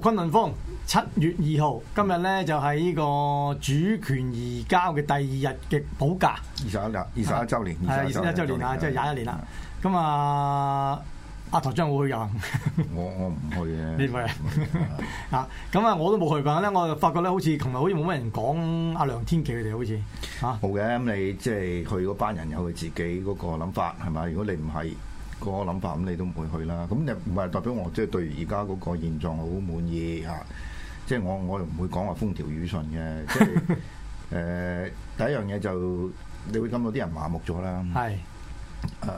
崑崙風七月二號，今日咧就喺、是、呢個主權移交嘅第二日嘅補假。二十一日，二十一周年，二十一周年啊，即係廿一年啦。咁啊，阿駝將會去遊行。我我唔去嘅。你唔去啊？咁啊，我都冇去過。咧 去 去的 去的， 我就發覺咧，好似琴日好似冇乜人講阿梁天琦佢哋，好似嚇。好嘅，咁你即係佢嗰班人有佢自己嗰個諗法係咪？如果你唔係。那個諗法咁，你都唔會去啦。咁你唔係代表我，即係對而家嗰個現狀好滿意嚇。即係我我又唔會講話風調雨順嘅。即係誒第一樣嘢就，你會感到啲人麻木咗啦。係。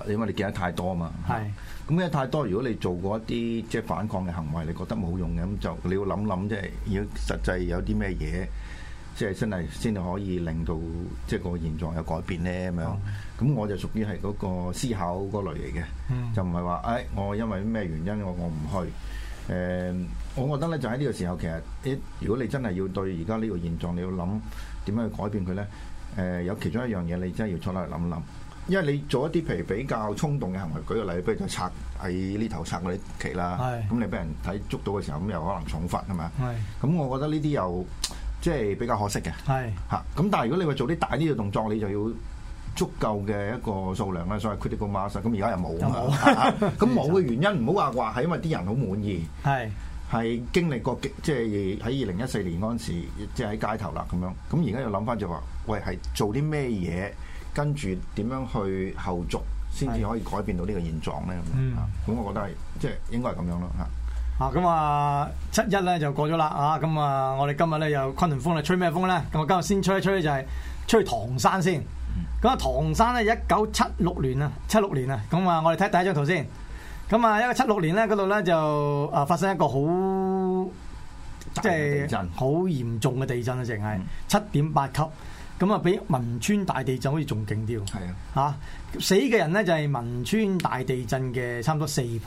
誒，因為你見得太多啊嘛。係。咁因為太多，如果你做過一啲即係反抗嘅行為，你覺得冇用嘅，咁就你要諗諗，即係要實際有啲咩嘢，即係真係先至可以令到即係個現狀有改變咧咁樣。 咁我就屬於係嗰個思考嗰類嚟嘅，嗯、就唔係話誒我因為咩原因我我唔去。誒、呃，我覺得咧就喺、是、呢個時候，其實如果你真係要對而家呢個現狀，你要諗點樣去改變佢呢，誒、呃，有其中一樣嘢你真係要坐落去諗一諗，因為你做一啲譬如比較衝動嘅行為，舉個例，不如就拆喺呢頭拆嗰啲旗啦。咁你俾人睇捉到嘅時候，咁又可能重罰係嘛。咁我覺得呢啲又即係、就是、比較可惜嘅。嚇！咁但係如果你話做啲大啲嘅動作，你就要足夠嘅一個數量咧，所謂 critical mass。咁、啊，而家又冇咁冇嘅原因唔好話話係因為啲人好滿意係係經歷過即係喺二零一四年嗰陣時，即係喺街頭啦咁樣。咁而家又諗翻就話，喂，係做啲咩嘢跟住點樣去後續，先至可以改變到呢個現狀咧咁。咁、嗯啊、我覺得係即係應該係咁樣咯嚇啊。咁啊，七一咧就過咗啦啊。咁啊，我哋今日咧又崑崙風咧吹咩風咧？咁我今日先吹一吹就係、是、吹唐山先。咁啊，唐山咧一九七六年啊，七六年啊，咁啊，我哋睇第一張圖先。咁啊，一個七六年咧，嗰度咧就啊，發生一個好即係好嚴重嘅地震啊，淨係七點八級。咁啊，比汶川大地震好似仲勁啲。係啊，嚇、啊、死嘅人咧就係汶川大地震嘅差唔多四倍。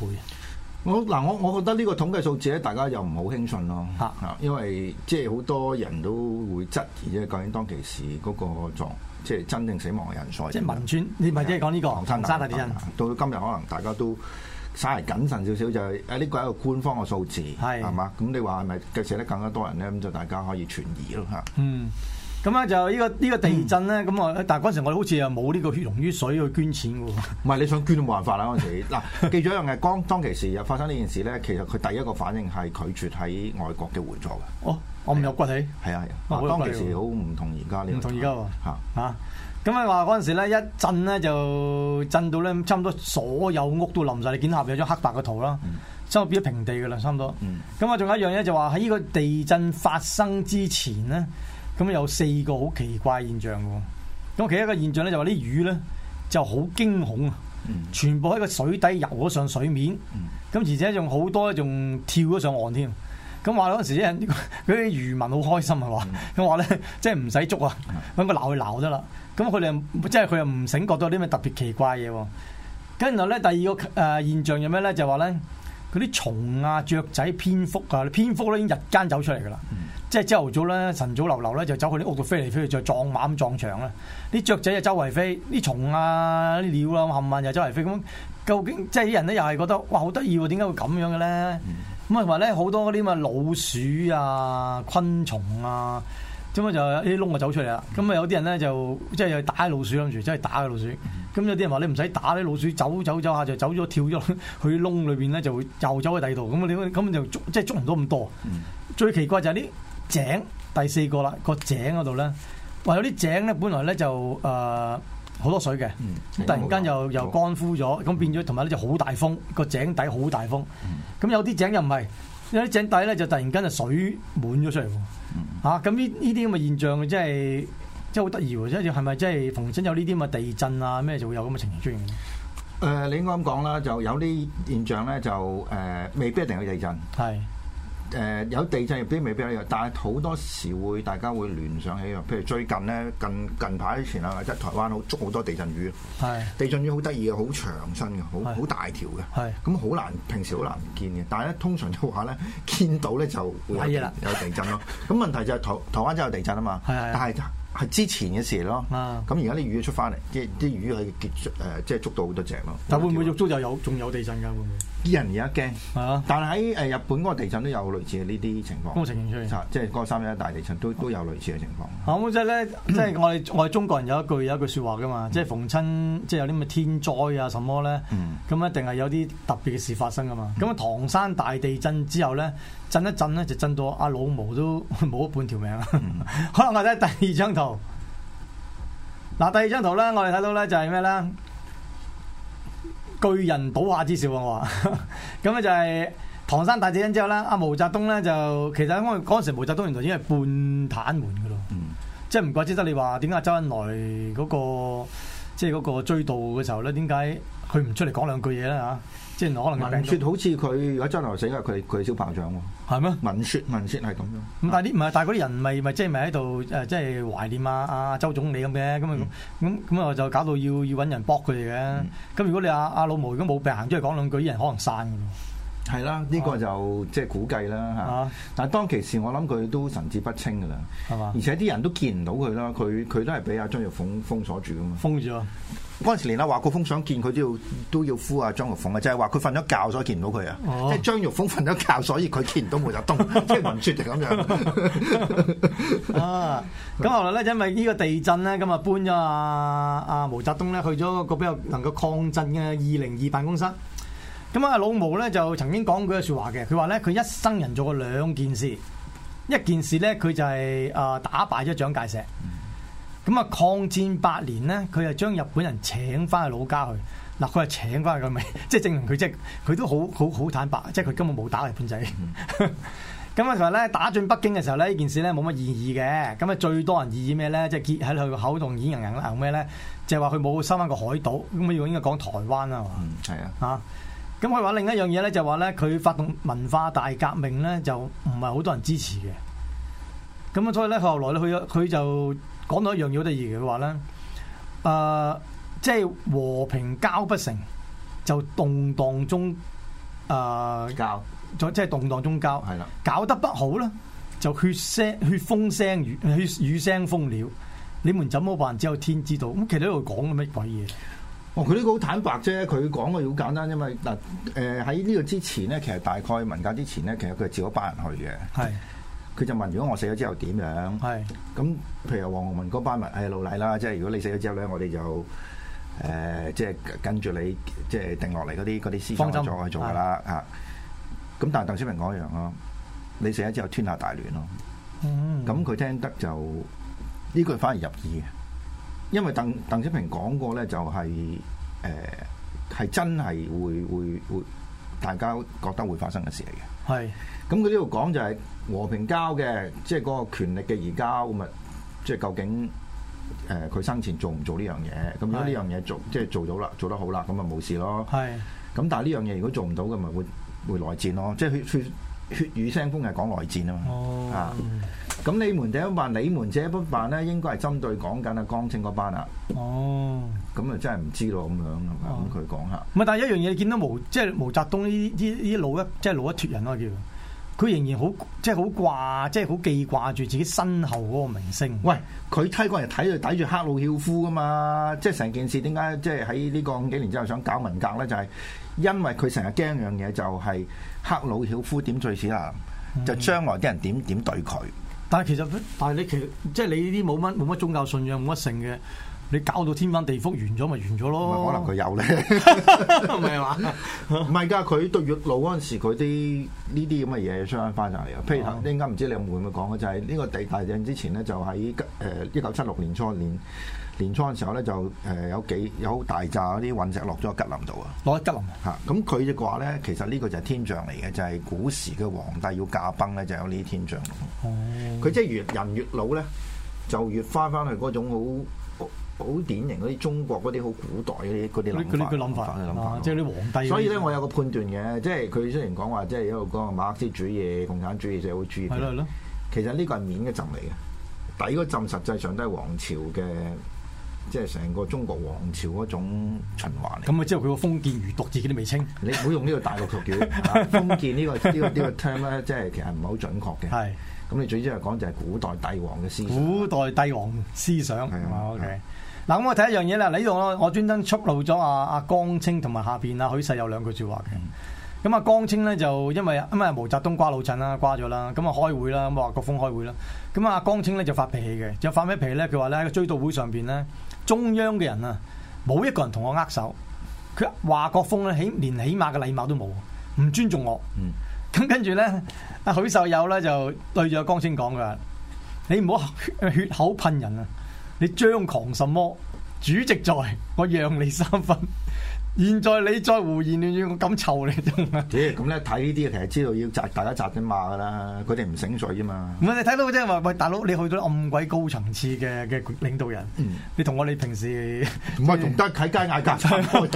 我嗱，我我覺得呢個統計數字咧，大家又唔好輕信咯。嚇，因為即係好多人都會質疑，即係究竟當其時嗰、嗰個狀，即、就、係、是、真正死亡嘅人數。即係汶川，你咪即係講呢個唐山大地震。到今日可能大家都稍為謹慎少少、就係，就係誒呢個係一個官方嘅數字係嘛？咁你話係咪計死得更加多人咧？咁就大家可以存疑咯嚇。嗯。咁咧就呢個呢個地震咧，咁、嗯、我但嗰陣時我哋好似又冇呢個血溶於水去捐錢嘅喎。唔係你想捐都冇辦法啦嗰陣時。嗱， 記住一樣嘢，當當其時又發生呢件事咧，其實佢第一個反應係拒絕喺外國嘅援助嘅。哦，我唔有骨氣。係啊，當其時好唔同而家唔同而家喎。嚇！啊，咁你話嗰陣時咧一震咧就震到咧，差唔多所有屋都冧晒。你見下面有一張黑白嘅圖啦，差唔多變咗平地嘅啦，差唔多。咁、嗯、啊，仲、嗯、有一樣嘢就話喺呢個地震發生之前咧。咁有四個好奇怪現象喎，咁其一個現象咧就話啲魚咧就好驚恐啊，全部喺個水底游咗上水面，咁而且仲好多仲跳咗上岸添，咁話嗰陣時啲人嗰啲漁民好開心啊話，咁話咧即係唔使捉啊，咁、嗯、揾個鬧去鬧得啦，咁佢哋即係佢又唔醒覺到啲咩特別奇怪嘢喎，跟住呢，咧第二個誒現象有咩咧就話、是、咧。嗰啲蟲啊、雀仔、蝙蝠啊，蝙蝠咧已經日間走出嚟噶啦，即係朝頭早咧、晨早流流咧就走去啲屋度飛嚟飛去，再撞馬咁撞牆啦。啲雀仔又周圍飛，啲蟲啊、啲鳥啊冚唪唥又周圍飛。咁究竟即係啲人咧又係覺得哇好得意喎？點解會咁樣嘅咧？咁啊同埋咧好多嗰啲乜老鼠啊、昆蟲啊。咁就洞就啲窿就走出嚟啦，咁啊有啲人咧就即係又打老鼠諗住，真、就、係、是、打嘅老鼠。咁有啲人話你唔使打啲老鼠，走走走下就走咗跳咗去窿裏邊咧，就會又走去第二度。咁你咁就捉即係捉唔到咁多。嗯、最奇怪就係啲井，第四個啦，個井嗰度咧，話有啲井咧本來咧就好、呃、多水嘅、嗯，突然間又又乾枯咗，咁變咗同埋呢就好大風，個井底好大風。咁有啲井又唔係。有啲井底咧就突然間就水滿咗出嚟，吓咁呢呢啲咁嘅現象，真係真係好得意，即係係咪真係逢親有呢啲咁嘅地震啊咩，就會有咁嘅情形出現咧？誒、呃，你應該咁講啦，就有啲現象咧就誒、呃，未必一定有地震。係。誒、呃、有地震嗰啲未必有理由，但係好多時候會大家會聯想起譬如最近咧，近近排前啊，即係台灣好捉好多地震魚。係地震魚好得意嘅，好長身嘅，好好大條嘅。係咁好難，平時好難見嘅。但係咧，通常捉下咧，見到咧就係有地震咯。咁 問題就係、是、台台灣真係有地震啊嘛。但係係之前嘅事咯。咁而家啲魚出翻嚟，即係啲魚係結出即係捉到好多隻咯。但會唔會捉到就有仲有地震㗎會唔會,會,會？啲人而家驚，但係喺誒日本嗰個地震都有類似嘅呢啲情況。咁、那個、即係嗰三一大地震都都有類似嘅情況。咁、okay. 即係咧，即係我哋我哋中國人有一句有一句説話噶嘛，mm. 即係逢親即係有啲咩天災啊什麼咧，咁、mm. 一定係有啲特別嘅事發生噶嘛。咁、mm. 唐山大地震之後咧，震一震咧就震到阿老毛都冇咗半條命。可 能、mm. 我睇第二張圖，嗱第二張圖咧，我哋睇到咧就係咩咧？巨人倒下之兆啊！我話咁咧 就係、是、唐山大地震之後啦，阿毛澤東咧就其實嗰陣時毛澤東原來已經係半癱門嘅咯，即係唔怪之得你話點解周恩來嗰、那個即係嗰個追悼嘅時候咧，點解佢唔出嚟講兩句嘢咧嚇？即係可能聞説好似佢如果真係死了，因為佢佢少炮仗喎。係咩？聞説聞説係咁樣。咁但係啲唔係，但係啲人咪咪即係咪喺度誒，即係懷念啊啊周總理咁嘅。咁啊咁咁啊，就搞到要要揾人駁佢哋嘅。咁、嗯、如果你阿阿老毛如果冇病行出去講兩句，啲人可能散㗎。係啦，呢、呢個就即係估計啦、啊、但係當其時，我諗佢都神志不清噶啦，係嘛？而且啲人都見唔到佢啦，佢佢都係俾阿張玉鳳封鎖住㗎嘛。封住啊！嗰陣時連阿華國鋒想見佢都要都要呼阿張玉鳳啊，就係話佢瞓咗覺，所以見唔到佢啊。即張玉鳳瞓咗覺，所以佢見唔到毛澤東，即係聞説就咁樣 啊啊。啊！咁後來咧，因為呢個地震咧，咁啊搬咗阿阿毛澤東咧去咗個比較能夠抗震嘅二零二辦公室。.咁啊，老毛咧就曾經講過句説話嘅，佢話咧佢一生人做過兩件事，一件事咧佢就係啊打敗咗蔣介石，咁、嗯、啊抗戰八年咧，佢就將日本人請翻去老家去，嗱佢又請翻去咁咪，即、就、係、是、證明佢即係佢都好好好坦白，即係佢根本冇打日本仔。咁啊同埋咧打進北京嘅時候咧，呢件事咧冇乜意義嘅，咁啊最多人意義咩咧？即係結喺佢個口度演人人啦，咩咧？就係話佢冇收翻個海島，咁啊要應該講台灣啦嘛，嗯係啊啊。咁佢話另一樣嘢咧，就話咧佢發動文化大革命咧，就唔係好多人支持嘅。咁啊，所以咧，後來咧，佢佢就講到一樣嘢，我哋而家佢話咧，誒，即係和平交不成，就動蕩中誒交，即、呃、係、就是、動蕩中交，係啦，搞得不好咧，就血聲、血風聲、血雨腥風了。你們怎麼辦？只有天知道。咁其實喺度講乜鬼嘢？哦，佢呢個好坦白啫，佢講嘅好簡單，因為嘛。嗱、呃，誒喺呢個之前咧，其實大概文革之前咧，其實佢係召一班人去嘅。係。佢就問：如果我死咗之後點樣？係。咁譬如黃學文嗰班人係老賴啦，即係如果你死咗之後咧，我哋就誒、呃、即係跟住你即係定落嚟嗰啲嗰啲私房去做㗎啦嚇。咁但係鄧小平講一樣咯，你死咗之後天下大亂咯。咁、嗯、佢聽得就呢句反而入耳，因為鄧鄧小平講過咧、就是，就係。誒、呃、係真係會會會，大家覺得會發生嘅事嚟嘅。係。咁佢呢度講就係和平交嘅，即係嗰個權力嘅移交咁啊，即係究竟誒佢生前做唔做呢樣嘢？咁如果呢樣嘢做，即係做到啦，做得好啦，咁咪冇事咯。係。咁但係呢樣嘢如果做唔到，咁咪會會內戰咯。即係佢佢。血雨腥風係講內戰啊嘛，哦，啊咁你們第一辦，你們者不辦咧，應該係針對講緊阿江青嗰班啊。哦，咁啊真係唔知咯咁樣，咁、哦，佢講下。唔係，但係一樣嘢，見到毛即係、就是、毛澤東呢啲啲老一即係、就是、老一脫人咯叫。佢仍然好即係好掛，即係好記掛住自己身後嗰個明星。喂，佢梯嗰日睇佢，抵住赫魯曉夫㗎嘛，即係成件事點解即係喺呢個咁幾年之後想搞文革咧？就係、是、因為佢成日驚樣嘢就係、是。克魯曉夫點最似啦？就將來啲人點點對佢、嗯？但係其實，但係你其實即係、就是、你呢啲冇乜冇乜宗教信仰、冇乜性嘅。你搞到天翻地覆完咗咪完咗咯？可能佢有咧， 唔係嘛？唔係噶，佢到越老嗰陣時，佢啲呢啲咁嘅嘢，出翻翻上嚟啊！譬如、啊、你頭，啱唔知你有冇咁嘅講啊？就係、是、呢個地大震之前、就是嗯、呢，就喺吉誒一九七六年初年年初嘅時候咧，就誒有幾有大扎嗰啲隕石落咗吉林度啊！落喺吉林吓，咁佢就話咧，其實呢個就係天象嚟嘅，就係古時嘅皇帝要駕崩咧，就有呢啲天象。佢即係越人越老咧，就越翻翻去嗰種好。好典型嗰啲中國嗰啲好古代嗰啲嗰啲諗法，法法啊法啊、即係啲皇帝。所以咧，我有個判斷嘅，即係佢雖然講話，即係一路講馬克思主義、共產主義、社會主義，就係好注意。其實呢個係面嘅浸嚟嘅，底嗰浸實際上都係皇朝嘅，即係成個中國皇朝嗰種循環咁啊，之後佢個封建餘毒自己都未清。你唔好用呢個大陸嘅叫、 啊、封建呢、呢個呢、呢個呢、呢個 term 咧，即係其實唔係好準確嘅。係。咁你最主要嚟講就係古代帝王嘅思想。古代帝王思想。係啊，OK。啊嗱，咁我睇一樣嘢啦，呢度咯，我專登揭露咗阿阿江青同埋下邊阿許世友兩句説話嘅。咁啊，江青咧就因為因為毛澤東瓜老襯啦，瓜咗啦，咁啊開會啦，咁啊華國鋒開會啦，咁啊江青咧就發脾氣嘅，就發咩脾氣咧？佢話咧喺個追悼會上邊咧，中央嘅人啊，冇一個人同我握手，佢話華國鋒咧起連起碼嘅禮貌都冇，唔尊重我。咁、嗯、跟住咧，阿許世友咧就對住阿江青講嘅，你唔好血口噴人啊！你張狂什麼？主席在，我讓你三分。現在你再胡言亂語，我咁臭你！咦？咁咧睇呢啲，其實知道要窒大家窒啲罵。噶啦。佢哋唔醒水啫嘛。唔係你睇到真係話喂，大佬你去到咁鬼高層次嘅嘅領導人，你同我哋平時唔係同德喺街嗌格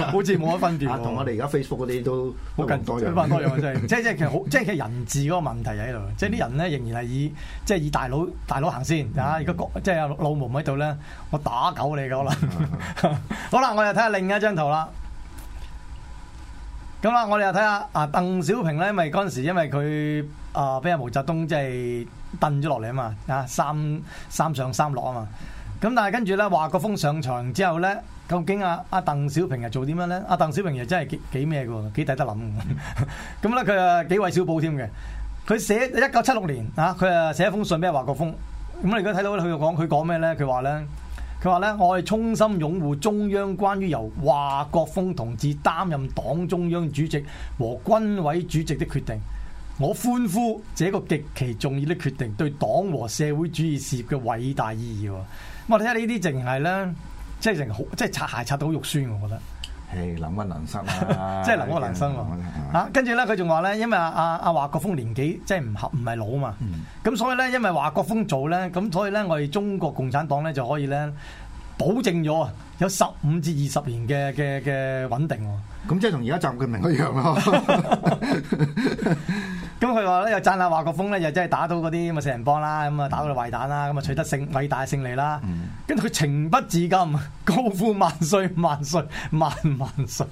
好似冇乜分別。同 我哋而家 Facebook 嗰啲都，都好近，多樣多 即係即， 即其實好， 即係其實人治嗰個問題喺度。即係啲人咧仍然係以即、就是、以大佬大佬行先啊！如果即係有老毛喺度咧，我打狗你噶，啦，好啦，我又睇下另一張圖啦。咁啊我哋又睇下啊，鄧小平咧，因為嗰陣時因為佢啊，俾、呃、阿毛澤東即係蹲咗落嚟，啊嘛，啊三三上三落啊嘛。咁但係跟住咧，華國鋒上場之後咧，究竟阿阿鄧小平係做啲咩咧？阿、啊、鄧小平又真係幾幾咩嘅，幾抵得諗。咁 咧，佢又幾咁韋小寶添嘅。佢寫一九七六年啊，佢啊寫一封信俾華國鋒。咁你而家睇到佢講佢講咩咧？佢話咧。佢話咧，我係衷心擁護中央關於由華國鋒同志擔任黨中央主席和軍委主席的決定，我歡呼這個極其重要的決定對黨和社會主義事業嘅偉大意義。我睇下呢啲淨係咧，即係好，即係擦鞋擦到好肉酸，我覺得。誒，能屈能伸，啊 是生啊， 啦，即係能屈能伸喎。啊，跟住咧，佢仲話咧，因為阿阿阿華國鋒年紀即係唔老，唔、就、係、是、老，老嘛。咁、嗯、所以咧，因為華國鋒做咧，咁所以咧，我哋中國共產黨咧就可以咧保證咗啊，有十五至二十年嘅嘅嘅穩定，啊。咁 即係同而家習近平一樣咯。 咁佢話咧又贊下華國鋒咧，又真係打到嗰啲咪四人幫啦，咁啊打到啲壞蛋啦，咁啊取得勝偉大嘅勝利啦。跟住佢情不自禁，高呼萬歲萬歲萬萬歲！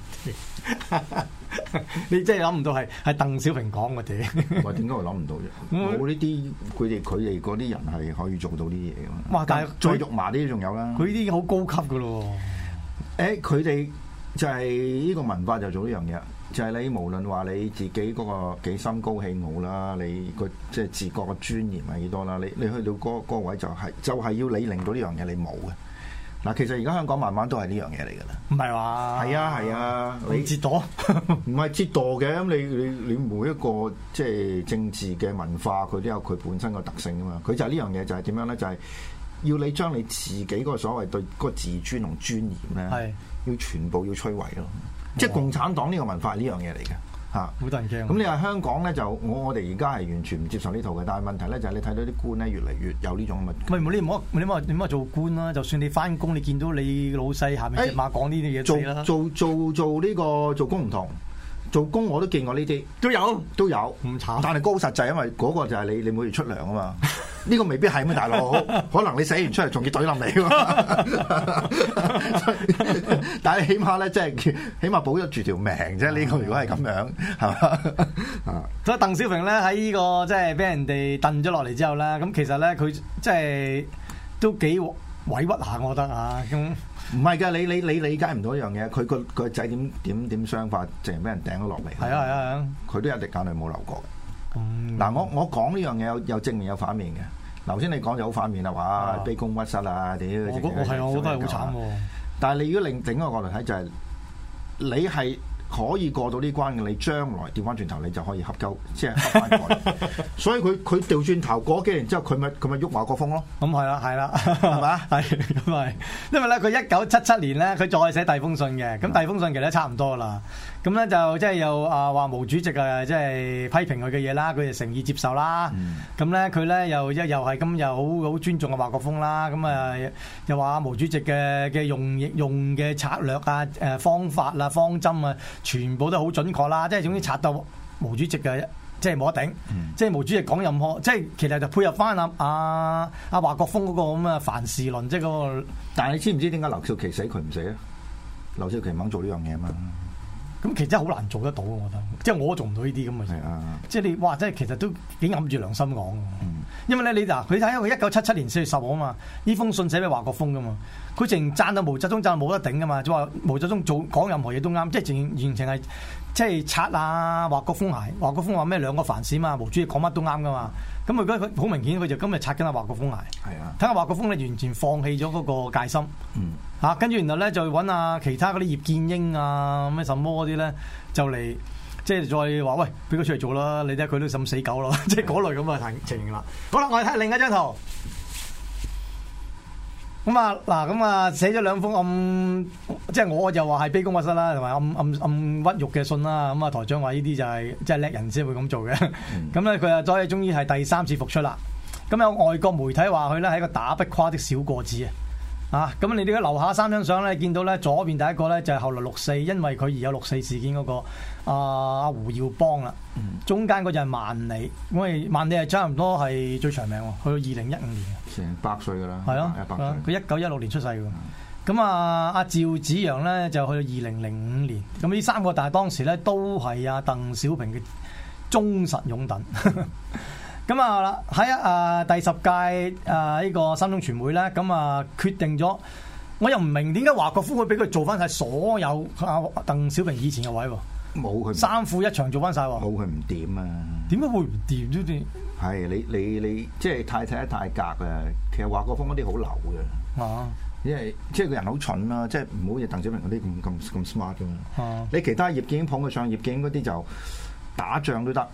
你真係諗唔到係係鄧小平講嘅嘢。哇！點解我會諗唔到啫？冇呢啲佢哋佢哋嗰啲人係可以做到呢啲嘢嘅？哇！但係再肉麻啲仲有啦。佢呢啲已經好高級嘅咯。誒、欸，佢哋就係呢個文化就做呢樣嘢。就係你無論話你自己嗰個幾心高氣傲啦，你個即係自覺嘅尊嚴係幾多啦？你你去到嗰個位就係就係要你令到呢樣嘢你冇嘅。嗱，其實而家香港慢慢都係呢樣嘢嚟噶啦。唔係話？係啊係啊，你折墮唔係折墮嘅。咁你 你你每一個即係政治嘅文化，佢都有佢本身嘅特性噶嘛。佢就係呢樣嘢，就係點樣咧？就係要你將你自己個所謂對嗰個自尊同尊嚴咧，要全部要摧毀咯。即係共產黨呢個文化呢樣嘢嚟嘅好嚇，咁、嗯、你話香港咧，就我我哋而家係完全唔接受呢套嘅，但係問題咧就係、是、你睇到啲官咧越嚟越有呢種咁嘅。唔係你唔好你唔好你唔好話做官啦，就算你翻工你見到你老細下面隻馬講呢啲嘢做做做做呢、這個做工唔同，做工我都見過呢啲都有都有，唔慘，但係高實際，因為嗰個就係你你每月出糧啊嘛。呢、這個未必係咩，大佬， 可能你寫完出嚟仲要懟冧你。 但係起碼咧，即係起碼保得住條命啫。呢個如果係咁樣，係 嘛？所以鄧小平咧喺呢在、這個即係俾人哋燉咗落嚟之後咧，咁其實咧佢即係都幾委屈下，我覺得啊。咁唔係嘅，你你你理解唔到一樣嘢。佢個佢仔點點點傷法，淨係俾人頂咗落嚟。係啊係啊，佢、啊啊、都有滴眼淚冇流過。嗱，我我講呢樣嘢有有正面有反面嘅。頭先你講就好反面啦，話，卑躬屈膝啊，屌！我我係我我都係好慘喎。但係你如果另整個角度睇就係，你係可以過到呢關嘅。你將來調翻轉頭你就可以合鳩，即係合翻過嚟。所以佢佢調轉頭過幾年，然之後佢咪佢咪郁華國鋒咯。咁係啦，係啦，係嘛，係咁係。因為咧，佢一九七七年咧，佢再寫第二封信嘅。咁第二封信其實差唔多啦。咁咧就即係又啊，話毛主席啊，即係批評佢嘅嘢啦，佢就誠意接受啦。咁咧佢咧又一又係咁，又好好尊重阿華國鋒啦。咁啊又話毛主席嘅嘅用用嘅策略啊、誒方法啊、方針啊，全部都好準確啦。即係總之，拆到毛主席嘅、嗯、即係冇得頂。即係毛主席講任何，即係其實就配合翻阿阿阿華國鋒嗰個咁嘅凡事論即係嗰個。但係你知唔知點解劉少奇死佢唔死啊？劉少奇唔肯做呢樣嘢啊嘛。嗯咁其實真係好難做得到，我覺得，即係我做唔到呢啲咁嘅嘢，即係你，話真係其實都幾揞住良心講，因為咧你嗱，佢睇一個一九七七年四月十號啊嘛，呢封信寫俾華國鋒噶嘛。佢淨讚到毛澤東就冇得頂噶嘛，就話毛澤東做講任何嘢都啱，即係完全完係即係拆下華國鋒鞋，華國鋒話咩兩個凡士嘛，毛主席講乜都啱噶嘛，咁佢而佢好明顯佢就今日拆緊啊華國鋒鞋，睇下、啊、華國鋒咧完全放棄咗嗰個戒心，嚇跟住然後咧就揾下其他嗰啲葉劍英啊咩什麼嗰啲咧就嚟即係再話喂俾佢出嚟做啦，你睇下佢都咁死狗咯，即係嗰類咁嘅情形啦。 好啦，我哋睇另一張圖。咁啊，嗱咁啊，寫咗兩封、嗯就是、暗，即係我就話係卑躬屈膝啦，同埋暗暗暗屈辱嘅信啦。咁啊，台長話呢啲就係即係叻人先會咁做嘅。咁、嗯、咧，佢啊，再終於係第三次復出啦。咁有外國媒體話佢咧係一個打不垮的小個子啊。啊！咁你呢個樓下三張相咧，見到咧左邊第一個咧就係後來六四，因為佢而有六四事件嗰、嗰個阿阿、啊、胡耀邦啦。中間嗰就係萬里，因為萬里係差唔多係最長命，去到二零一五年。成百歲噶啦，係咯、啊，佢一九一六年出世噶。咁啊，阿趙紫陽咧就去到二零零五年。咁呢三個，但係當時咧都係阿鄧小平嘅忠實擁躉。嗯 咁啊啦喺啊第十屆啊呢個三中全會咧，咁啊決定咗，我又唔明點解華國鋒會俾佢做翻晒所有啊鄧小平以前嘅位喎，冇佢三副一場做翻晒喎，冇佢唔掂啊，點解會唔掂呢啲？係你你你即係太睇得太格啊！其實華國鋒嗰啲好流嘅，啊，因為即係個人好蠢啊，即係唔好似鄧小平嗰啲咁咁咁 smart 嘅，啊，你其他葉劍英捧佢上，葉劍英嗰啲就打仗都得。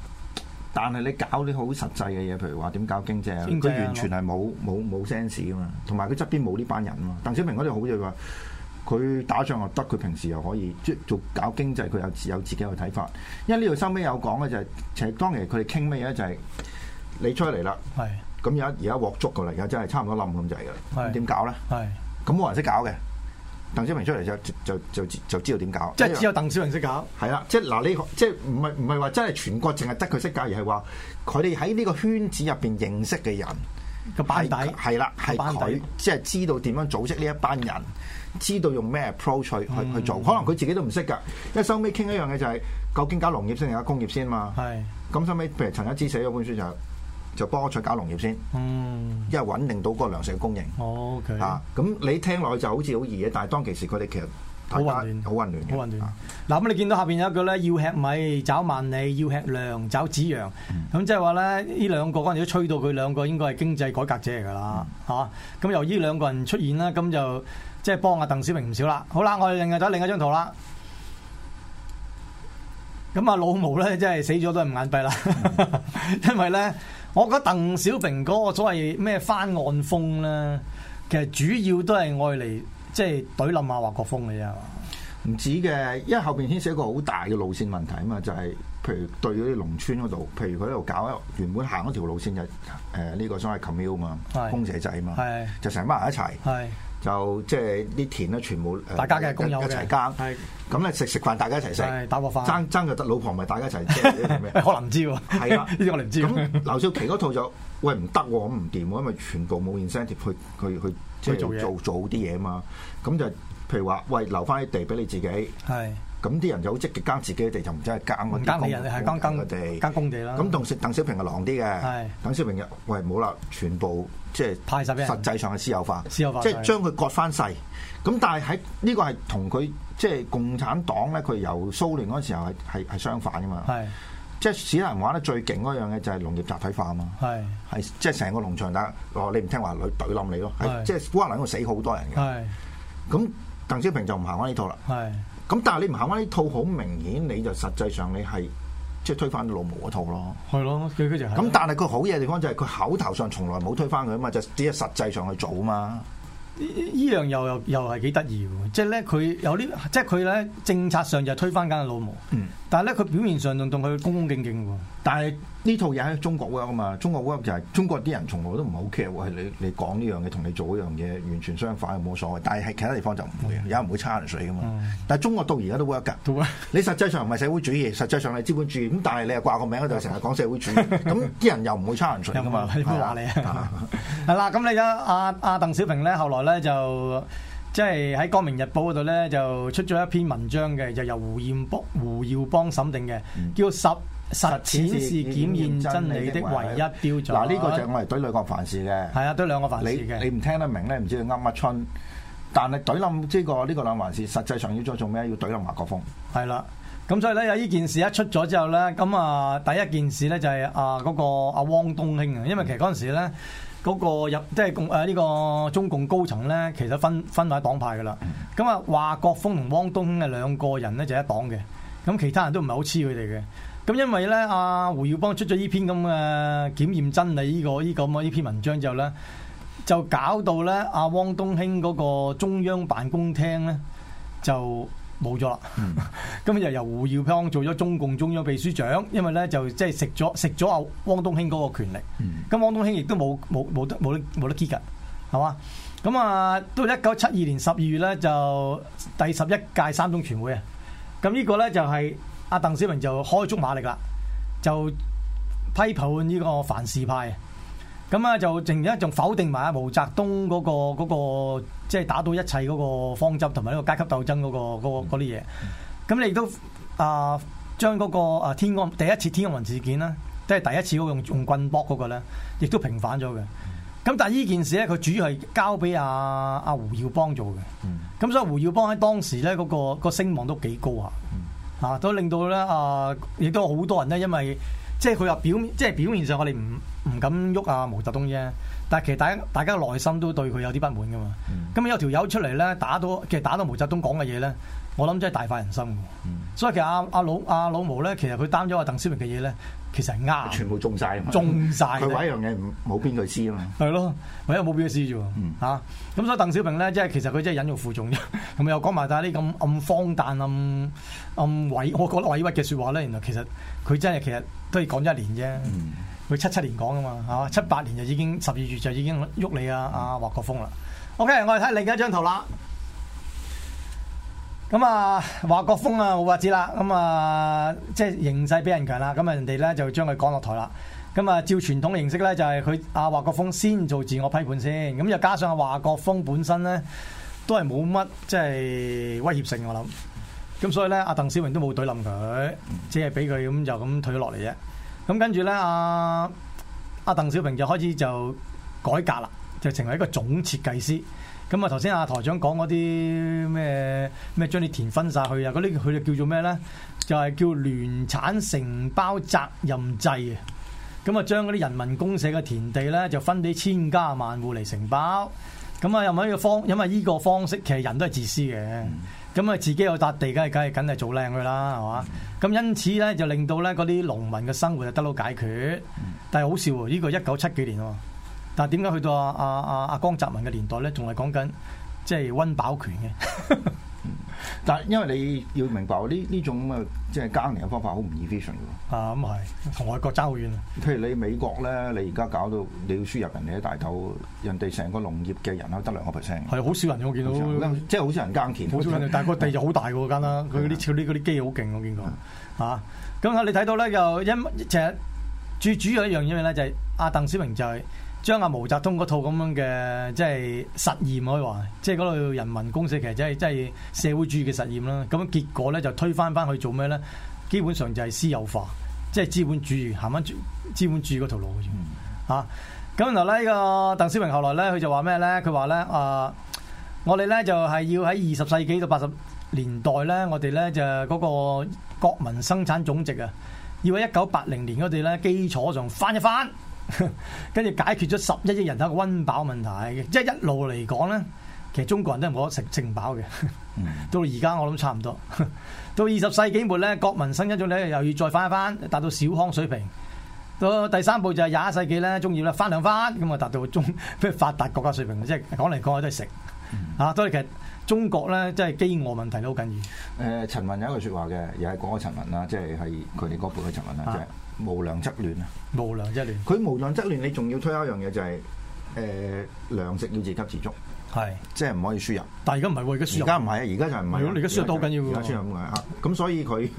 但係你搞啲好實際嘅嘢，譬如話點搞經濟，佢、啊、完全係冇冇冇 sense 噶嘛，同埋佢側邊冇呢班人嘛。鄧小平嗰啲好就話，佢打仗又得，佢平時又可以即係做搞經濟，佢有有自己嘅睇法。因為這、就是、呢度收尾有講嘅就係其實當其佢哋傾咩嘢咧，就係、是、你出嚟啦，係咁而家而家握足噶啦，而家真係差唔多冧咁滯噶啦，點搞咧？係咁冇人識搞嘅。鄧小平出嚟就就就就知道點搞，即係只有鄧小平識搞，係啦，即係嗱呢個即係唔係唔係話真係全國淨係得佢識搞，而係話佢哋喺呢個圈子入邊認識嘅人個班底係啦，係佢即係知道點樣組織呢一班人，知道用咩 approach 去、嗯、去做，可能佢自己都唔識㗎。因為收尾傾一樣嘢就係、是、究竟搞農業先定係工業先嘛？係咁收尾，譬如陳一諮寫咗本書就。就幫我出搞農業先，嗯，因為穩定到嗰個糧食嘅供應。OK，嚇，咁你聽落去就好似好易嘅，但係當其時佢哋其實好混亂，好混亂好混亂。嗱、啊、咁你見到下邊有一句咧，要吃米找萬里，要吃糧找紫陽。咁即係話咧，呢兩個關鍵都吹到佢兩個應該係經濟改革者嚟㗎啦，嚇、嗯。咁、啊、由呢兩個人出現啦，咁就即係、就是、幫阿鄧小平唔少啦。好啦，我哋另外睇另一張圖啦。咁阿老毛咧，即係死咗都係唔眼閉啦，嗯、 因為咧。我覺得鄧小平嗰個所謂咩翻案風咧，其實主要都係愛嚟即係懟冧阿華國鋒嘅啫，唔止嘅，因為後邊牽涉一個好大嘅路線問題啊嘛，就係、是、譬如對嗰啲農村嗰度，譬如佢喺度搞，原本行嗰條路線就誒、是、呢、呃呢個所謂 commune 嘛公社仔啊嘛，嘛就成班人埋一齊。就即係啲田咧，全部大家嘅工友一齊耕。係咁咧，食食飯大家一齊食，打鑊飯爭爭就得。老婆咪大家一齊即 什 可能唔知喎。係啦，呢啲我哋唔知。咁劉少奇嗰套就喂唔得喎，咁唔掂，因為全部冇 incentive 去去去即係做做做好啲嘢嘛。咁就譬如話，喂留翻啲地俾你自己。係。咁啲人就好積極耕自己嘅地，就唔使耕個地，耕個地，耕個地，耕公地咯。咁同小鄧小平係狼啲嘅。係鄧小平嘅，喂冇啦，全部即係派實俾人。實際上係私有化，私有化即係、就是、將佢割翻細。咁但係喺呢個係同佢即係共產黨咧，佢由蘇聯嗰時候係相反噶嘛。即係史達林玩得最勁嗰樣嘢就係農業集體化啊嘛。係即係成個農場大，但哦你唔聽話，佢懟冧你咯。係即係古蘭嗰度死好多人嘅。係咁鄧小平就唔行翻呢套啦。係。咁但係你唔行翻呢套，好明顯你就實際上你係即係推翻老毛嗰套咯。係咯，咁但係佢好嘢地方就係佢口頭上從來冇推翻佢啊嘛，就只係實際上去做啊嘛。呢依樣又又又係幾得意喎！即係咧，佢有啲即係佢咧政策上就推翻緊老毛。嗯。但係咧，佢表面上仲同佢恭恭敬敬喎。但係呢套嘢喺中國 work 啊嘛，中國 work 就係、是、中國啲人從來都唔係好 care，係你你講呢樣嘢，同你做呢樣嘢完全相反冇所謂。但係喺其他地方就唔會，有人、嗯、唔會差人水噶嘛。嗯、但係中國到而家都 work 㗎。嗯、你實際上唔係社會主義，實際上係資本主義。咁但係你又掛個名，就成日講社會主義。咁 啲人又唔會差人水。又嘛、啊 啊。係 你冇打你係啦，咁你家阿阿鄧小平咧，後來咧就。即係喺《光明日報》嗰度咧，就出咗一篇文章嘅，就由胡延卜胡耀邦審定嘅、嗯，叫實《實實踐是檢驗真理的唯一標準》。嗱，呢、這個就是我哋對是、啊、兩個凡事嘅。係啊，對兩個凡事嘅。你唔聽得明咧，唔知你噏乜春。但係對諗呢個呢個兩回事，實際上要再做咩？要對諗華國鋒。係啦。咁所以咧，有呢件事一出咗之後咧，咁啊，第一件事咧就係啊嗰個阿汪東興啊，因為其實嗰陣時咧，嗰個入即係共誒呢個中共高層咧，其實分分落黨派㗎啦。咁啊，華國鋒同汪東興嘅兩個人咧就一黨嘅，咁其他人都唔係好黐佢哋嘅。咁因為咧，阿胡耀邦出咗呢篇咁嘅檢驗真理呢個呢個咁嘅呢篇文章之後咧，就搞到咧阿汪東興嗰個中央辦公廳咧就。冇咗啦，咁、嗯、又 由胡耀邦做咗中共中央秘書長，因為咧就即係食咗食咗阿汪東興嗰個權力，咁、嗯、汪東興亦都冇冇冇得冇得冇得黐㗎，係嘛？咁啊，到一九七二年十二月咧，就第十一屆三中全會啊，咁呢個咧就係、是、阿鄧小平就開足馬力啦，就批判呢個凡事派啊。咁啊，就仍然仲否定埋阿毛澤東嗰個個即係打倒一切嗰個方針，同埋呢個階級鬥爭嗰個嗰啲嘢。咁你亦都啊，將嗰個啊天安第一次天安門事件啦，即係第一次用用棍棒嗰個咧，亦都平反咗嘅。咁但係呢件事咧，佢主要係交俾阿阿胡耀邦做嘅。咁所以胡耀邦喺當時咧，嗰個個聲望都幾高啊。都令到咧啊，亦都好多人咧，因為。即係佢話表面，即係表面上我哋唔唔敢喐啊，毛澤東啫。但係其實大家大家內心都對佢有啲不滿㗎嘛。咁、嗯、有條友出嚟咧，打到其實打到毛澤東講嘅嘢咧，我諗真係大快人心。嗯、所以其實阿、啊、阿、啊、老阿、啊、老毛咧，其實佢擔咗阿鄧小平嘅嘢咧。其實係啱，全部中晒，中晒，中晒，佢話一樣嘢唔冇邊句知啊嘛，係 咯，唯一冇邊句知啫喎。咁所以鄧小平咧，即係其實佢真係忍辱負重啫。咁 又講埋晒啲咁咁荒誕、咁咁偉，我覺得委屈嘅説話咧，原來其實佢真係其實都係講一年啫。佢、嗯、七七年講啊嘛，嚇、啊、七八年就已經十二月就已經喐你啊啊華國鋒啦。OK，我哋睇另一張圖啦。咁啊，華國鋒啊冇話子冇法子啦，咁啊即係形勢比人強啦，咁啊人哋咧就將佢趕落台啦。咁啊，照傳統嘅形式咧，就係佢阿華國鋒先做自我批判先。咁又加上阿華國鋒本身咧都係冇乜即係威脅性，我諗。咁所以咧，阿鄧小平都冇懟冧佢，只係俾佢咁就咁退咗落嚟啫。咁跟住咧，阿阿鄧小平就開始就改革啦，就成為一個總設計師。咁啊，頭先阿台長講嗰啲咩咩將啲田分晒去啊，嗰啲佢就叫做咩咧？就係叫聯產承包責任制啊！咁啊，將嗰啲人民公社嘅田地咧，就分俾千家萬戶嚟承包。咁啊，又咪呢個方，因為呢個方式其實人都係自私嘅。咁啊，自己有笪地，梗係梗係梗係做靚佢啦，係嘛？咁因此咧，就令到咧嗰啲農民嘅生活就得到解決。但係好笑喎，呢個一九七幾年喎。但係點解去到阿阿阿阿江澤民嘅年代咧，仲係講緊即係温飽權嘅、嗯？ 但係因為你要明白，呢呢種咁、就是、啊，即係耕田嘅方法好唔 efficient 嘅喎。啊，咁係同外國爭好遠啊！譬如你美國咧，你而家搞到你要輸入人哋啲大頭，人哋成個農業嘅人口得兩個 percent，係好少人。我見到即係好少人耕田，好少人， 但係個地就好大喎。間啦，佢啲佢啲嗰啲機好勁，我見過嚇。咁 啊，你睇到咧，其實最主要一樣嘢咧，就係阿鄧小平就係、是。將阿毛澤東嗰套咁樣嘅即係實驗可以話，即係嗰套人民公社其實真係社會主義嘅實驗啦。咁結果咧就推翻翻去做咩咧？基本上就係私有化，即係資本主義行翻資本主義嗰條路嘅。嚇！咁就咧呢、呢個鄧小平後來咧，佢就話咩咧？佢話咧啊，我哋咧就係要喺二十世紀到八十年代咧，我哋咧就嗰個國民生產總值啊，要喺一九八零年嗰啲咧基礎上翻一翻。跟 住解決咗十一億人口嘅溫飽問題，即係一路嚟講咧，其實中國人都冇得食正飽嘅。到而家我諗差唔多，到二十世紀末咧，國民生一種咧又要再翻一翻，達到小康水平。到第三步就係廿一世紀咧，中葉啦，翻兩翻咁啊，達到中即係發達國家水平。即係講嚟講去都係食啊，所以其實中國咧即係饑餓問題都好緊要。誒、呃，陳雲有一句説話嘅，又係講阿陳雲啦，即係係佢哋嗰輩嘅陳雲。啦、就是，即、啊、係。就是無糧則亂啊！無糧則亂，佢無糧則亂，你仲要推一樣嘢就係、是，誒、呃、糧食要自給自足，係，即係唔可以輸入。但係而家唔係而家輸入唔係啊，而家就唔係。如果你而家輸入得好緊要輸入唔啊，咁、啊啊、所以佢。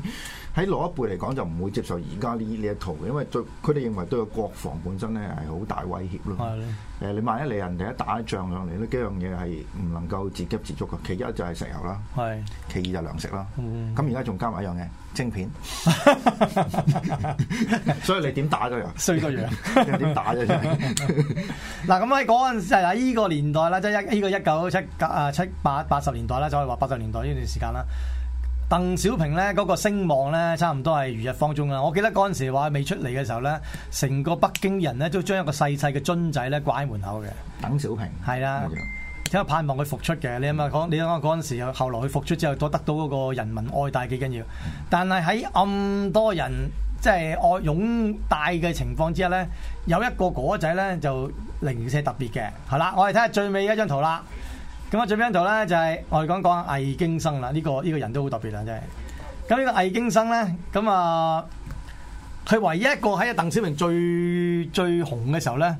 喺老一輩嚟講就唔會接受而家呢呢一套，因為對佢哋認為對個國防本身咧係好大威脅咯。係咧。你萬一你人哋一打仗上嚟，呢幾樣嘢係唔能夠自給自足嘅。其一就係石油啦，係。其二就係糧食啦。咁而家仲加埋一樣嘢，晶片。 所以你點打嗰樣？衰嗰樣。點打啫？嗱，咁喺嗰陣時喺呢個年代啦，即係一呢個一九七啊七八八十年代啦，就可以話八十年代呢段時間啦。鄧小平咧嗰個聲望咧，差唔多係如日方中啦。我記得嗰陣時話未出嚟嘅時候咧，成個北京人咧都將一個細細嘅樽仔咧掛喺門口嘅。鄧小平係啦，睇下、嗯、盼望佢復出嘅。你諗下講，你諗下嗰陣時又後來佢復出之後，都得到嗰個人民愛戴幾緊要。但係喺咁多人即係愛擁戴嘅情況之下咧，有一個果仔咧就零舍特別嘅。好啦，我哋睇下最尾一張圖啦。咁啊，最邊度咧，就係、是、我哋講講魏京生啦。呢、這個呢、這個人都好特別啊，真係。咁呢個魏京生咧，咁啊，佢唯一一個喺鄧小平最最紅嘅時候咧，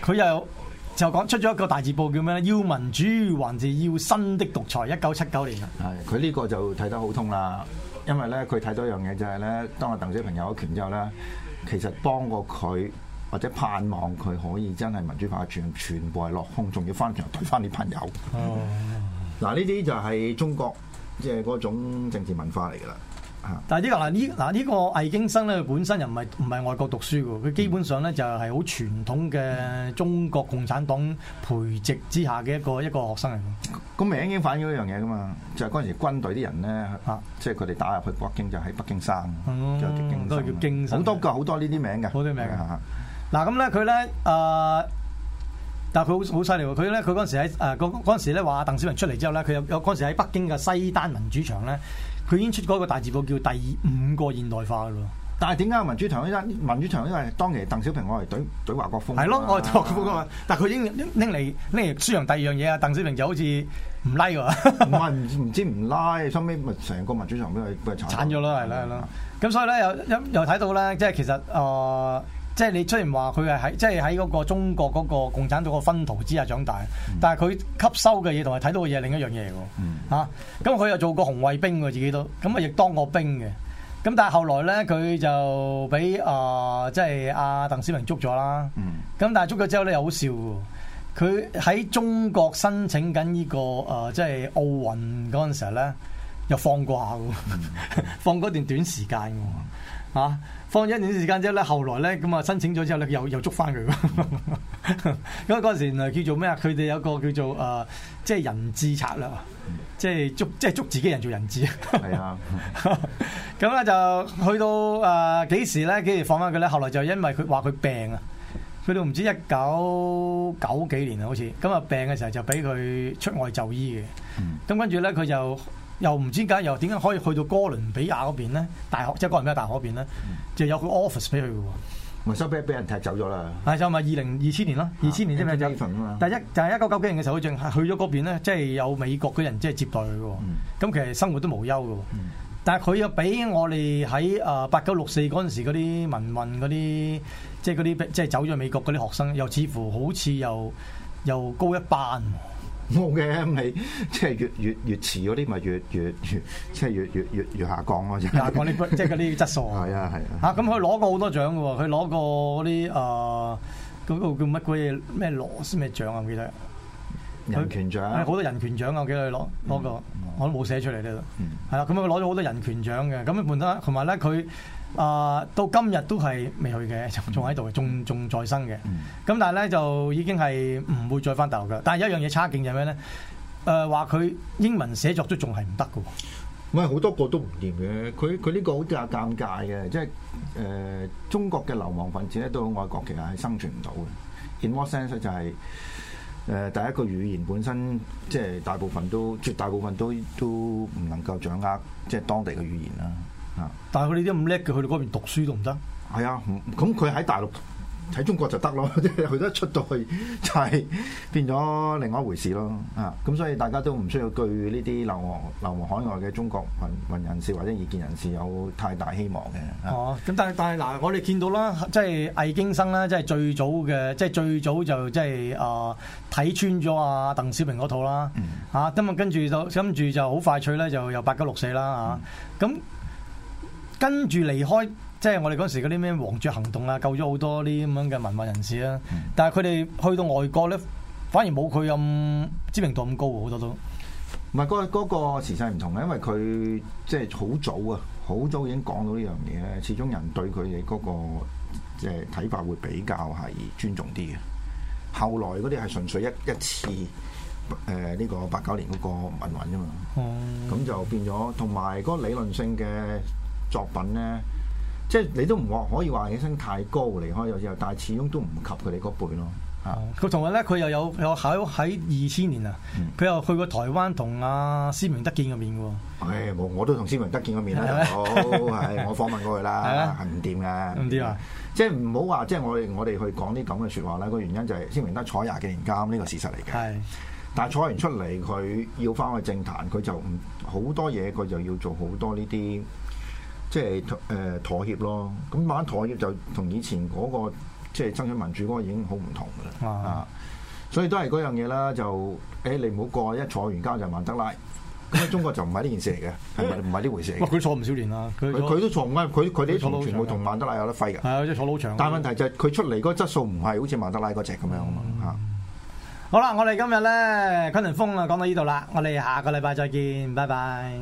佢又就講出咗一個大字報，叫咩？要民主還是要新的獨裁？一九七九年啊，係佢呢個就睇得好通啦。因為咧，佢睇到一樣嘢就係咧，當阿鄧小平有咗權之後咧，其實幫過佢。或者盼望佢可以真係民主化全，全全部係落空，仲要翻牆對翻啲朋友。嗱，呢啲就係中國即係嗰種政治文化嚟㗎啦。但係、呢個、呢個嗱呢嗱呢個魏京生咧本身又唔係唔係外國讀書嘅，佢基本上咧就係好傳統嘅中國共產黨培植之下嘅一個一個學生嚟。個名已經反映咗一樣嘢㗎嘛，就係嗰陣時軍隊啲人咧、啊，即係佢哋打入去國京是北京就喺北京生，叫魏京生，好多㗎好多呢啲名㗎。嗱咁咧，佢、呃、咧但係佢好好犀利喎！佢咧，佢嗰時喺嗰、呃、時咧，話鄧小平出嚟之後咧，佢有有嗰時喺北京嘅西單民主牆咧，佢已經出過一個大字報叫第五個現代化嘅。但係點解民主牆民主牆因為當其鄧小平我係隊隊華國鋒。係咯，我係華國鋒但係佢已經拎嚟拎嚟宣揚第二樣嘢啊！鄧小平就好似唔拉㗎。唔係唔知唔拉，收尾咪成個民主牆都係俾佢鏟咗啦，係啦，係啦。咁所以咧，又又睇到咧，即係其實、呃即係你雖然話佢係喺即係喺嗰個中國嗰個共產黨個薰陶之下長大，嗯、但係佢吸收嘅嘢同埋睇到嘅嘢另一樣嘢嚟喎。咁、嗯、佢、啊、又做過紅衛兵喎，自己都咁啊，亦當過兵嘅。咁但係後來咧，佢就俾啊即係阿鄧小平捉咗啦。咁、嗯、但係捉咗之後咧，又好笑嘅。佢喺中國申請緊呢、這個啊，即、呃、係、就是、奧運嗰陣時候咧，又放過下喎，嗯、 放過段短時間喎。啊！放咗一年時間之後咧，後來咧咁啊申請咗之後咧，又又捉翻佢。因為嗰陣時候叫做咩啊？佢哋有一個叫做誒、呃，即係人質策略，即係捉即係捉自己人做人質。係啊！咁 咧 就去到誒幾、呃、時咧？幾時放翻佢咧？後來就因為佢話佢病啊，佢到唔知一九九幾年啊，好似咁啊病嘅時候就俾佢出外就醫嘅。咁、嗯、跟住咧佢就。又唔知點解，又點解可以去到哥倫比亞嗰邊咧？大學即係、就是、哥倫比亞大學嗰邊咧，就有個 office 俾佢嘅喎。唔收俾俾人踢走咗啦。係就咪二零二千年咯，二千年即係、啊、就，第一就係一九九幾年嘅時候，佢淨係去咗嗰邊咧，即、就、係、是、有美國嘅人即係接待佢嘅喎。咁其實生活都無憂嘅喎。但係佢又俾我哋喺誒八九六四嗰陣時嗰啲民運嗰啲，即係嗰啲即係走咗美國嗰啲學生，又似乎好似又又高一班。冇嘅，咁即係越越越，越遲嗰啲咪越越越即係越越越越，越下降咯，下降啲即係嗰啲質素。係啊係啊。嚇咁佢攞過好多獎嘅喎，佢攞過嗰啲誒嗰個叫乜鬼嘢咩羅斯咩獎啊？唔記得。人權獎、啊。係好多人權獎啊！我記得佢攞攞過，我都冇寫出嚟咧。嗯。係啦，咁佢攞咗好多人權獎嘅，咁啊本身同埋咧佢。啊、uh，！到今日都係未去嘅，仲喺度，仲仲再生嘅。咁但係咧就已經係唔會再翻大陸嘅。但係一樣嘢差勁就係咩咧？誒話佢英文寫作都仲係唔得嘅。唔係好多個都唔掂嘅。佢佢呢個好夾尷尬嘅，即係誒、呃、中國嘅流亡分子咧，到外國其實係生存唔到嘅。In what sense 就係、是、誒、呃、第一個語言本身，即、就、係、是、大部分都絕大部分都都唔能夠掌握即係、就是、當地嘅語言啦。他們他們不是啊！但係佢哋都唔叻嘅，去到嗰邊讀書都唔得。係啊，咁佢喺大陸、喺中國就得咯。即係佢都出到去、就是，就係變咗另外一回事咯。啊！咁所以大家都唔需要對呢啲流亡、流亡海外嘅中國民運人士或者異見人士有太大希望。哦、啊。咁、啊啊、但係但係嗱，我哋見到啦，即係、啊就是、魏京生啦，即、就、係、是、最早嘅，即、就、係、是、最早就即係、就是、啊睇穿咗啊鄧小平嗰套啦。嗯。咁啊，跟住就跟住就好快脆咧，就有八九六四啦、嗯、啊。咁跟住離開，即、就、係、是、我哋嗰時嗰啲咩黃雀行動啊，救咗好多啲咁樣嘅民運人士啊。嗯、但係佢哋去到外國咧，反而冇佢咁知名度咁高好多都。唔係嗰個、那個時勢唔同啊，因為佢即係好早啊，好早已經講到呢樣嘢咧。始終人對佢哋嗰個即係睇、就是、法會比較係尊重啲嘅。後來嗰啲係純粹一一次，誒、呃、呢、這個八九年嗰個民運啫嘛。咁、嗯、就變咗，同埋嗰個理論性嘅。作品咧，即係你都唔話可以話起身太高離開又之後，但係始終都唔及佢哋嗰輩咯。啊、嗯，佢同埋咧，佢又有有喺喺二千年啊，佢、嗯、又去過台灣同阿施明德見過面嘅喎。我都同施明德見過面啦，好係我訪問過佢啦，係唔掂嘅，唔掂啊！即係唔好話，即係我哋我哋去講啲咁嘅説話啦。個原因就係施明德坐廿幾年監呢個事實嚟嘅。係，但係坐完出嚟，佢要翻去政壇，佢就唔好多嘢，佢就要做好多呢啲。即係誒妥協咯，咁講妥協就同以前嗰個即係爭取民主嗰個已經好唔同嘅啦，啊、所以都係嗰樣嘢啦，就誒你唔好過，一坐完交就曼德拉，咁中國就唔係呢件事嚟嘅，係唔係呢回事？哇！佢坐唔少年啦，佢都坐唔翻，佢佢啲全部同曼德拉有得揮嘅，即坐老長。但問題就係佢出嚟嗰質素唔係好似曼德拉嗰隻咁樣啊嘛嚇。好啦，我哋今日咧崑崙風啊講到呢度啦，我哋下個禮拜再見，拜拜。